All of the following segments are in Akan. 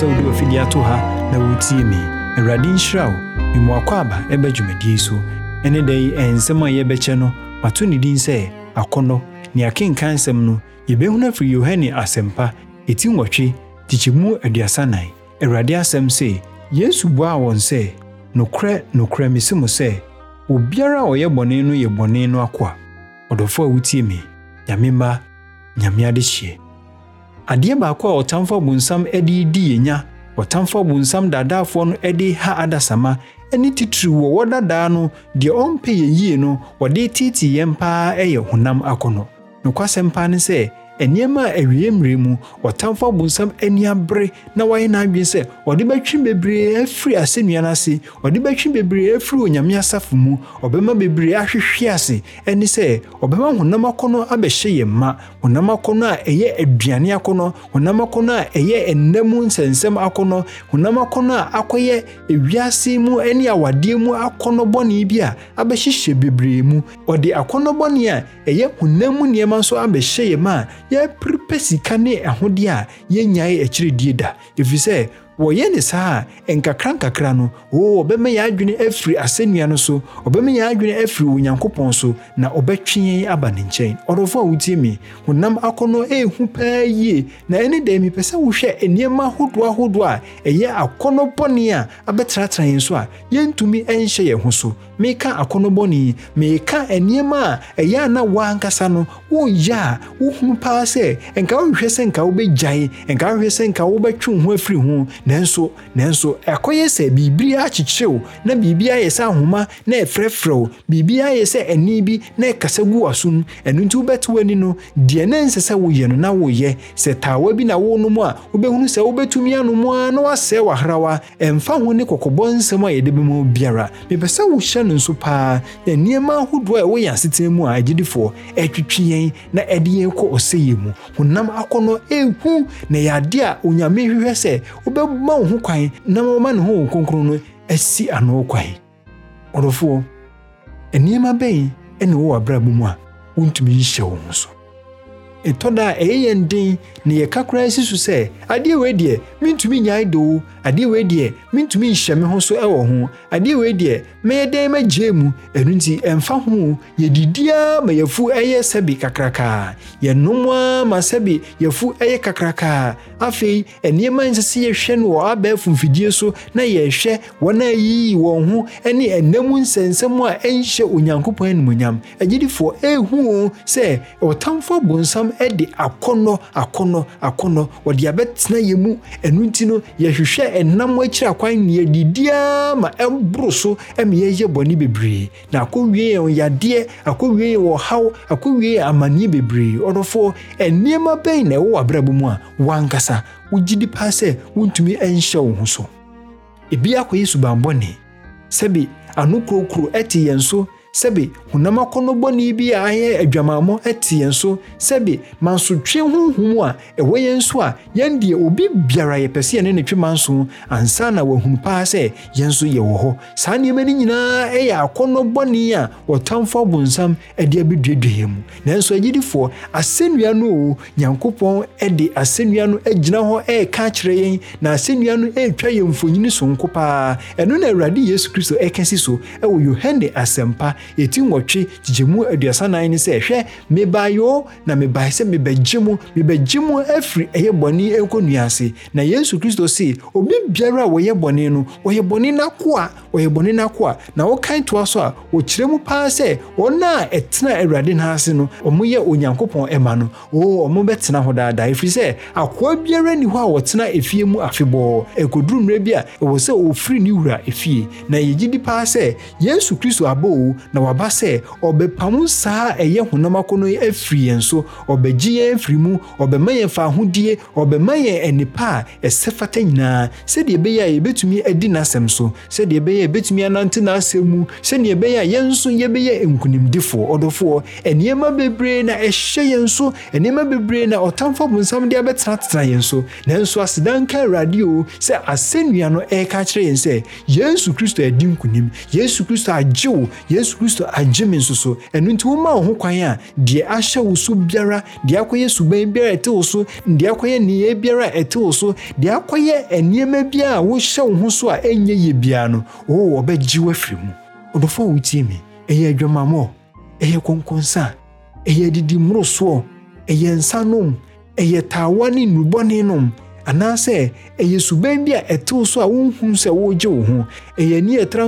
sɛ wode wafidi ato ha na wotie me awurade nhyira wo mmuakɔ aba ɛbɛ dwumadie so ɛne da yi ɛnsɛm a yɛbɛkyɛ no mato ne din sɛ akɔnnɔ ne akenka nsɛm no yɛbɛhunu afiri yohane asɛmpa ɛti nwɔtwe tikyɛmu aduasa awurade asɛm sɛ yesu buaa wɔn sɛ nokorɛ nokorɛ mese mo sɛ obiara a ɔyɛ bɔne no yɛ bɔne no akoa ɔdɔfo a wotie me nyame mma nyame adehyeɛ adeɛ baako a ɔtamfo abunsam de di yɛnya ɔtamfo abunsam dadaafoɔ no de ha adasama ne titiri wɔ wɔdadaa no deɛ ɔmpɛ yɛ yie no wɔde titi yɛn paa yɛ honam akɔnɔ nokwasɛm paa ne sɛ nneɛma a awie mmerɛ mu ɔtamfo abonsam ani abere na wayɛ n'adwene sɛ ɔde bɛtwe bebree afiri asɛnnua no ase ɔde bɛtwe bebree afiri onyame asafo mu ɔbɛma bebree ahwehwe ase ɛne sɛ ɔbɛma honam akɔnɔ abɛhyɛ yɛn ma honam akɔnɔ a ɛyɛ aduane akɔnɔ honam akɔnɔ a ɛyɛ ɛnna mu nsɛnsɛm akɔnɔ honam akɔnɔ a akɔyɛ ewiase mu ne awadeɛ mu akɔnɔ bɔne bi a abɛhyehyɛ bebree mu ɔde akɔnɔ bɔne a ɛyɛ honam mu nneɛma nso abɛhyɛ yɛn ma yɛprepɛ sika ne ahodeɛ a yɛnyae akyire die da ɛfiri sɛ wɔyɛ ne saa a nkakra no oo ɔbɛma yɛn adwene afiri asɛnnua no so ɔbɛma yɛn adwene afiri onyankopɔn so na ɔbɛtwe aba ne nkyɛn ɔdɔfo a wotie me honam akɔnnɔ ɛɛhu paa yie na ɛne da mepɛ sɛ wohwɛ nneɛma ahodoɔ ahodoɔ a ɛyɛ akɔnnɔ bɔne a abɛtratra yɛn so a yɛntumi ɛnhyɛ yɛn ho so meka akɔnnɔ bɔne meka nneɛma a ɛyɛ a na woankasa no woyɛ a wohunu paa sɛ nka wohwɛ sɛ nka wobɛgyae nka wohwɛ sɛ nka wobɛtwe ho afiri ho nanso nanso ɛkɔyɛ sɛ biribi akyekyere wo na biribi ayɛ sɛ ahoma na ɛfrɛfrɛ wo biribi ayɛ sɛ ani bi na ɛkasa gu waso mu ɛno nti wobɛte w'ani no deɛ ne nsɛ sɛ woyɛ no na woyɛ sɛ taawa bi na wonom a wobɛhunu sɛ wobɛtumi anom a na wasɛe wahrawa ɛmfa ho ne kɔkɔbɔ nsɛm a yɛde bɛma biara mepɛ sɛ wohyɛ no nso paa na nneɛma ahodoɔ a ɛwoyɛ asetena mu a agyedefoɔ ɛtwitwi yɛn na ɛde yɛn kɔ ɔsɛyɛ mu honam akɔnnɔ ɛhu na yɛade a onyame hwehwɛ sɛ wobɛbɔ ma wo ho kwan na ma ne ho wo kronkron no asi ano kwan ɔdɔfoɔ nneɛma bɛn ɛne wɔ abrabɔ mu a wontumi nhyɛ wo ho so ɛtɔ da a ɛyɛ yɛn den na yɛka koraa si so sɛ adeɛ wei deɛ mentumi nyae do o adeɛ wei deɛ mentumi nhyɛ me ho so wɔ ho adeɛ wei deɛ mɛyɛ dɛn mɛgyee mu ɛno nti ɛmfa ho yɛdidiaa ma yɛfu ɛyɛ sɛbi kakrakaa yɛnom a ma sɛbi yɛfu ɛyɛ kakrakaa afei nneɛma nsɛ sɛ yɛhwɛ no wɔ abɛɛfo mfidie so na yɛhwɛ wɔn a yiyi wɔn ho ne ɛnam nsɛnsɛm a ɛnhyɛ onyankopɔn animonyam agyedifoɔ ɛhu o sɛ ɔtamfo bonsam honhom akɔnɔ akɔnɔ akɔnɔ wɔde abɛtena yɛ mu ɛno nti no yɛhwehwɛ ɛnam akyiri akwan ne yɛdidiaa ma ɛmboro so ma yɛyɛ bɔne bebree na akɔwie yɛn yadeɛ akɔwie yɛn wɔhaw akɔwie yɛn amanneɛ bebree ɔdɔfoɔ nneɛma bɛn na ɛwɔ w'abrabɔ mu a wankasa wogye di paa sɛ wontumi ɛnhyɛ wo ho so ebi akɔyɛ subanbɔne sɛbi ano kurokuro ɛte yɛn so sɛbe honam akɔnɔbɔne bi a ayɛ adwamammɔ te yɛn so sɛbe mansotwe honhom a ɛwɔ yɛn so a yɛn deɛ obi biara yɛpɛ sɛ yɛne ne twe manso ansa na wahunu paa sɛ yɛn nso yɛwɔ hɔ saa nneɛma no nyinaa ɛyɛ akɔnɔbɔne a wɔtamfo abonsam de abɛduadua yɛn mu nanso agyidifoɔ asɛnnua no o nyankopɔn de asɛnnua no agyina hɔ ɛreka akyerɛ yɛn na asɛnnua no ɛretwa yɛn mfonyini sonko paa ɛno na awurade yesu kristo ɛka si so ɛwɔ yohane asɛmpa ɛti nwɔtwe gyegyemu aduasa nan ne sɛ ɛhwɛ mebaayoo na mebae sɛ mebɛgye mu mebɛgye mu afiri ɛyɛ bɔne ɛkɔnnua ase na yesu kristo se obi biara a wɔyɛ bɔne no wɔyɛ bɔne n'ako wɔyɛ bɔne n'ako na wɔkan toa so a wɔkyerɛ mu paa sɛ wɔn a ɛtena awurade no ase no wɔyɛ onyankopɔn ɛma no oo wɔn bɛtena hɔ daadaa ɛfiri sɛ akoa biara ni hɔ a wɔtena efie mu afebɔɔ ɛkɔduru mmerɛ bi a ɛwɔ sɛ wɔfiri ne wura efie na yɛgye di paa sɛ yesu kristo abɔ o na waba sɛ ɔbɛpamu saa ɛyɛ honam akɔnɔ yi afiri yɛn so ɔbɛgye yɛn afiri mu ɔbɛma yɛn fa ahodie ɔbɛma yɛn anipa a ɛsɛ fata nyinaa sɛdeɛ ɛbɛyɛ a yɛbɛtumi adi n'asɛm so sɛdeɛ ɛbɛyɛ a yɛbɛtumi anante n'asɛm mu sɛdeɛ ɛbɛyɛ a yɛn nso yɛbɛyɛ nkonimdifoɔ ɔdɔfoɔ nneɛma bebree na ɛhyɛ yɛn so nneɛma bebree na ɔtamfo abonsam de abɛtenatena yɛn so nanso asedanka awurade o sɛ asɛnnua no ɛreka kyerɛ yɛn sɛ yesu kristo adi nkonim yesu kristo agye wo yesu kristo agye me nsoso ɛno nti woma wo ho kwan a deɛ ahyɛ wo so biara deɛ akɔyɛ suban biara ɛte wo so deɛ akɔyɛ nneyɛɛ biara ɛte wo so deɛ akɔyɛ nneɛma biara a wohyɛ wo ho so a ɛnyɛ yie biara no wɔwɔ ɔbɛgye wo afiri mu ɔdɔfoɔ wotie me ɛyɛ adwamammɔ ɛyɛ kɔnkɔnsa ɛyɛ adidi mmorosoɔ ɛyɛ nsa nom ɛyɛ taawa ne nnubɔne nom anaasɛ ɛyɛ suban bi a ɛtew so a wonhu sɛ woregye wo ho ɛyɛ ani ɛtra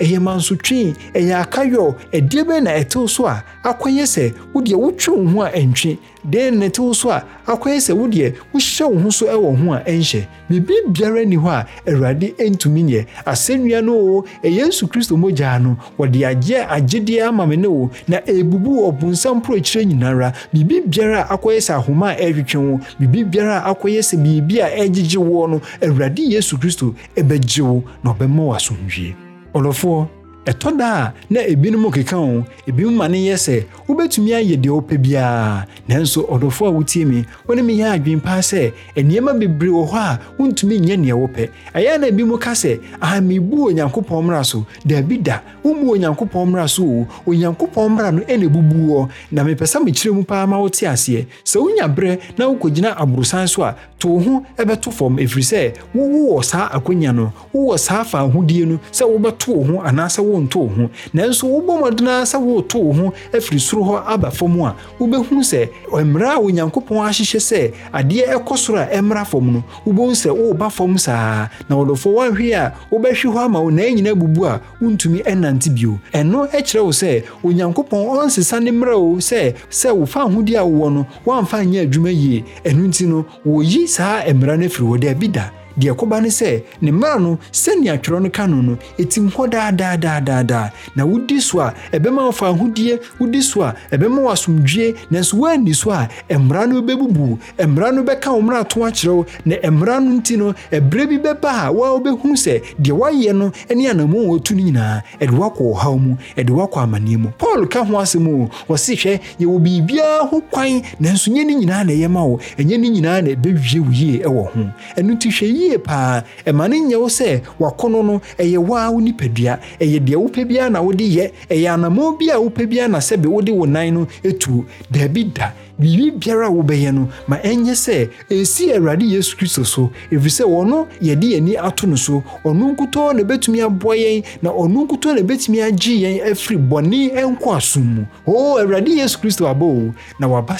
ɛyɛ mansotwe ɛyɛ akayɔ ɛdeɛ bɛn na ɛtew so a akɔyɛ sɛ wodeɛ wotwe wo ho a ɛntwe deɛ na wo so a akɔyɛ sɛ wo deɛ wohyɛ wo ho so wɔ ho a ɛnhyɛ biribi biara ni hɔ a awurade ntumi nyɛ asɛnnua no o ɛyɛ yesu kristo mogyaa no wɔde agye agyedeɛ ama me ne wo na ɛbubu ɔbonsam mporɔkyerɛ nyinara biribi biara a akɔyɛ sɛ ahoma a ɛretwetwe wo biribi biara a akɔyɛ sɛ biribi a ɛregyegye woɔ no awurade yesu kristo ɛbɛgye wo na ɔbɛma wo asomdwie ɔlɔfoɔ ɛtɔ da a na ebinom keka ho ebinom ma ne yɛ sɛ wobɛtumi ayɛ deɛ wopɛ biara nanso ɔdɔfoɔ a wotie me wone meyɛ adwen paa sɛ nneɛma bebree wɔ hɔ a wontumi nyɛ neɛ wopɛ ɛyɛ na ebi mu ka sɛ ahamebu onyankopɔn mmara so daabi da wommu onyankopɔn mmara so o onyankopɔn mmara no ɛna bubuɔ na mepɛ sɛ mekyerɛ mu paa ma wote aseɛ sɛ wonya berɛ na wokɔgyina aborosan so a to wo ho bɛto fam ɛfiri sɛ wowɔ saa akwanya no wowɔ saa fa ahodie no sɛ wobɛto wo ho anaasɛ wonto wo ho nanso wobɔ mmɔdena sɛ woreto wo ho afiri soro hɔ aba fam a wobɛhunu sɛ mmara a onyankopɔn ahyehyɛ sɛ adeɛ ɛkɔ soro a ɛmmra fam no wobɛhu sɛ woreba fam saa na wɔdɔfoɔ woahwe a wobɛhwe hɔ ama wo naa nyina bubu a wontumi ɛnante bio ɛno ɛkyerɛ wo sɛ onyankopɔn ɔnsesa ne mmerɛ o sɛ sɛ wo ahodie a wowɔ no woamfa nyɛ adwuma yie ɛno nti no wɔyi saa mmerɛ no firi wɔ dɛ bi da deɛ ɛkɔba ne sɛ ne mmara no sɛnea twerɛ no ka no no ɛtim hɔ daadaadaadaadaa na wodi so a ɛbɛma wofa ahodie wodi so a ɛbɛma wasomdwie nanso woanni so a mmara no bɛbubu mmara no bɛka wo mmara to akyerɛ wo na mmara no nti no ɛberɛ bi bɛba a woa wobɛhunu sɛ deɛ woayɛ no ne anammɔn wɔtu no nyinaa ɛde woakɔ ɔhaw mu ɛde woakɔ amanneɛ mu paul ka ho asɛm o wɔse hwɛ yɛwɔ biribiaa ho kwan nanso nyɛ ne nyinaa na ɛyɛ wo ɛnyɛ ne nyinaa na ɛbɛwie wo yie ɛwɔ ho ɛno nti hwɛ yi yie paa ɛma ne nyɛ wo sɛ wakono no ɛyɛ waa wo nipadua ɛyɛ deɛ wopɛ biara na wode yɛ ɛyɛ anammɔn bi a wopɛ na sɛbe wode wo nan no ɛtuo daabi da biribi biara a wobɛyɛ no ma ɛnyɛ sɛ ɛsi awurade yesu kristo so ɛfiri sɛ ɔno yɛde yɛni ato no so ɔno na ɛbɛtumi aboa yɛn na ɔno nkutɔɔ na ɛbɛtumi agye yɛn afiri bɔne nkɔ asom mu awurade yesu kristo o na waba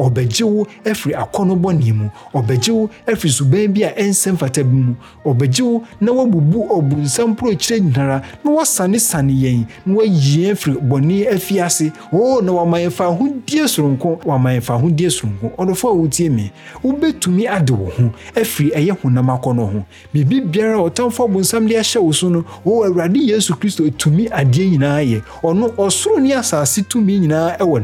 ɔbɛgye wo afiri mu ɔbɛgye wo suban bi a ɛnsɛ mfata bi mu ɔbɛgye na wabubu ɔbunsam mporɔkyerɛ nyinara na wasanesane yɛn na wayi yɛn bɔne afi ase oo na wama ahodie soronko wama ahodie soronko ɔdɔfo a wotie me wobɛtumi ade wo ho afiri ɛyɛ honam akɔnɔ ho biribi biara a ɔtamfo ɔbonsam de ahyɛ wo so no oo awurade yesu kristo tumi adeɛ nyinaa yɛ ɔno ɔsoro ne asase tumi nyinaa ɛwɔ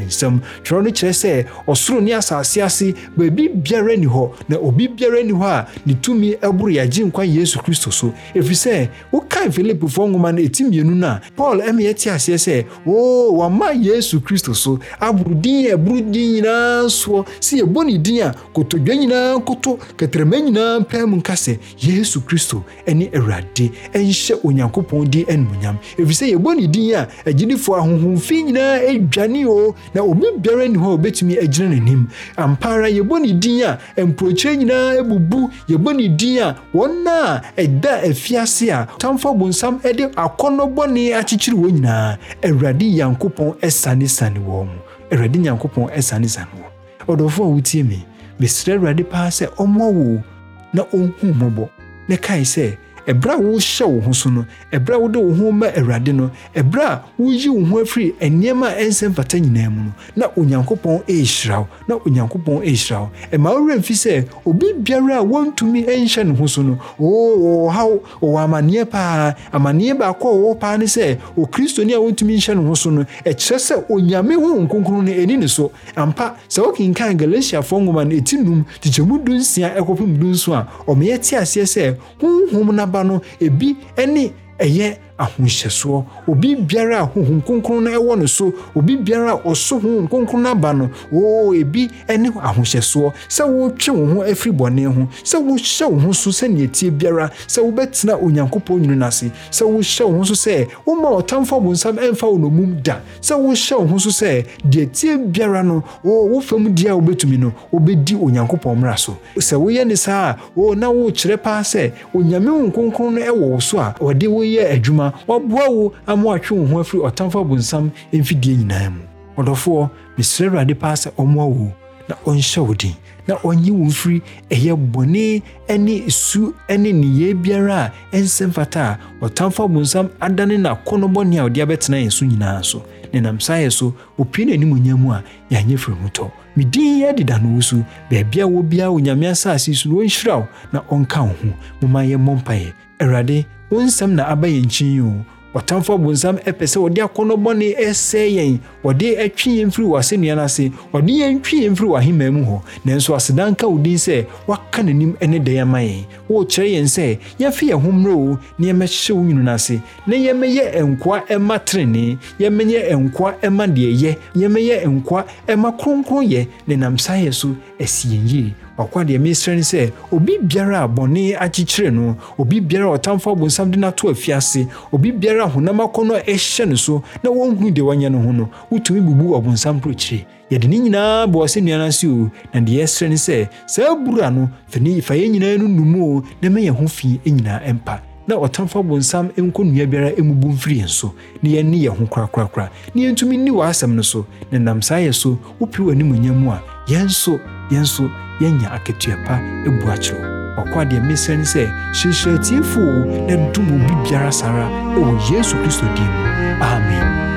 ne asase ase baabi biara ni hɔ na obi biara ni hɔ a ne tumi ɛboro yɛagye nkwa yesu kristo so ɛfiri sɛ wo kan filipifoɔ nwoma no mmienu no paul ɛma yɛte aseɛ sɛ oo wama yesu kristo so aboro din ɛboro din nyinaa soɔ sɛ yɛbɔ ne din a kotodwa nyinaa koto kɛtrɛma nyinaa mpaa mu nka yesu kristo ɛne awurade ɛnhyɛ onyankopɔn din animonyam ɛfiri sɛ yɛbɔ ne din a agyidifoɔ ahohomfi nyinaa ɛdwane o na obi biara ni hɔ a ɔbɛtumi agyina n'anim ampa ara yɛbɔ ne din a mpurokyerɛ nyinaa abubu yɛbɔ ne din a wɔn a ɛda afiase a tamfo wɔafa bonsam de akɔnnɔ bɔne akyekyere wɔn nyinaa awurade nyankopɔn sanesane wɔn mu awurade nyankopɔn sanesane wɔn ɔdɔfo a wotie me mesrɛ awurade paa sɛ ɔmmɔ wo na ɔnhu mmɔbɔ ne kae sɛ ɛberɛ a wohyɛ wo ho so no ɛberɛ a wode wo ho ma awurade no ɛberɛ a woyi wo ho afiri nneɛma a ɛnsɛ mfata nyinaa mu no na onyankopɔn ɛrehyira wo na onyankopɔn ɛrehyira wo ɛma worɛ mfi sɛ obi biara a wɔntumi ɛnhyɛ ne ho so no wɔwɔ haw wɔwɔ amanneɛ paa amanneɛ baakɔ a wɔwɔ paa ne sɛ okristoni a wɔntumi nhyɛ ne ho so no ɛkyerɛ sɛ onyame honhom kronkron no ɛni ne so ampa sɛ wokenkan galatiafoɔ nwoma no ɛti num tikyɛmu dunsia ɛkɔpem dunso a ɔmeyɛ te aseɛ sɛ honhom no aba no ebi ne ɛyɛ ahohyɛsoɔ obi biara a honhom kronkron na ɛwɔ no so obi biara a ɔso honhom kronkron no aba no oo ebi ne ahohyɛsoɔ sɛ wotwe wo ho afiri bɔne ho sɛ wohyɛ wo ho so sɛnea tie biara sɛ wobɛtena onyankopɔn nwunu no ase sɛ wohyɛ wo ho so sɛ woma ɔtamfo abonsam ɛmfa wo nomum da sɛ wohyɛ wo ho so sɛ deɛ tie biara no oo wo fam deɛ a wobɛtumi no wobɛdi onyankopɔn mmara so sɛ woyɛ ne saa a oo na wokyerɛ paa sɛ onyame wo nkronkron no ɛwɔ wo so a ɔde woyɛ adwuma ama ɔboa wo ama watwe wo ho afiri ɔtamfo abonsam mfidie nyinaa mu ɔdɔfoɔ mesrɛ awurade paa sɛ ɔmmoa wo na ɔnhyɛ wo din na ɔnyi wo mfiri ɛyɛ bɔne ne su ne nneyɛe biara a ɛnsɛ mfata a ɔtamfo abonsam adane n'akɔnnɔbɔne a ɔde abɛtena yɛn so nyinaa so nenam saa yɛ so ɔpue no animonyam mu a yɛanyɛ firi ho tɔ medin yɛ deda no wo so baabia wɔ biara onyame asase so no ɔnhyira wo na ɔnka wo ho moma yɛmmɔ mpaeɛ awurade wo nsɛm na aba yɛ nkyin o ɔtamfo abonsam ɛpɛ sɛ wɔde akɔnɔ bɔne ɛsɛe yɛn wɔde atwi yɛn firi w'asɛnnua no ase ɔde yɛn twi yɛn firi w'ahemaa mu hɔ nanso asedan ka wo din sɛ woaka n'anim ne dɛn ama yɛn wɔrekyerɛ yɛn sɛ yɛmfe yɛn ho mmerɛ o na yɛmɛhyɛ wo nwunu no ase na yɛmɛyɛ nkoa ɛma tenenee yɛmɛyɛ nkoa ma deɛ yɛ yɛmɛyɛ nkoa ɛma kronkronyɛ ne nam saa yɛ so asi yɛn yie ɔkwa deɛ mesrɛ ne sɛ obi biara a bɔne akyekyere no obi biara a ɔtamfo abonsam de no ato afiase obi biara a honam akɔnnɔ ɛhyɛ no so na wɔnhunu deɛ wɔnyɛ no ho no wotumi bubu ɔbonsam mpokyire yɛde ne nyinaa bɔ sɛ nnuano ase o na deɛ ɛsrɛ ne sɛ saa bura no fa yɛn nyinaa no numu o na ma yɛn ho fi nyinaa ɛmpa na ɔtamfo abonsam nkɔ nnua biara ɛmubu mfiri yɛn so na yɛnne yɛn ho korakorakora na yɛntumi nni w'asɛm no so na nam saa yɛ so wopiri w'animuonyam mu a yɛn nso yɛn nso yɛnya akatua pa ebu akyerɛw ɔkɔ adeɛ mesrɛ ne sɛ hyehyɛ tiefo na dum obi biara saa ara ɛwɔ yesu kristo din mu amen